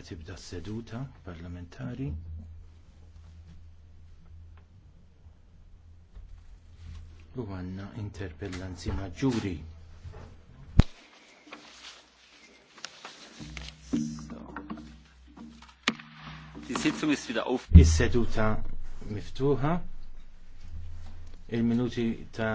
Għatibda s-seduta parlamentari. U għanna interpellanzi maġġuri. Is-seduta miftuħa. Il-minuti ta'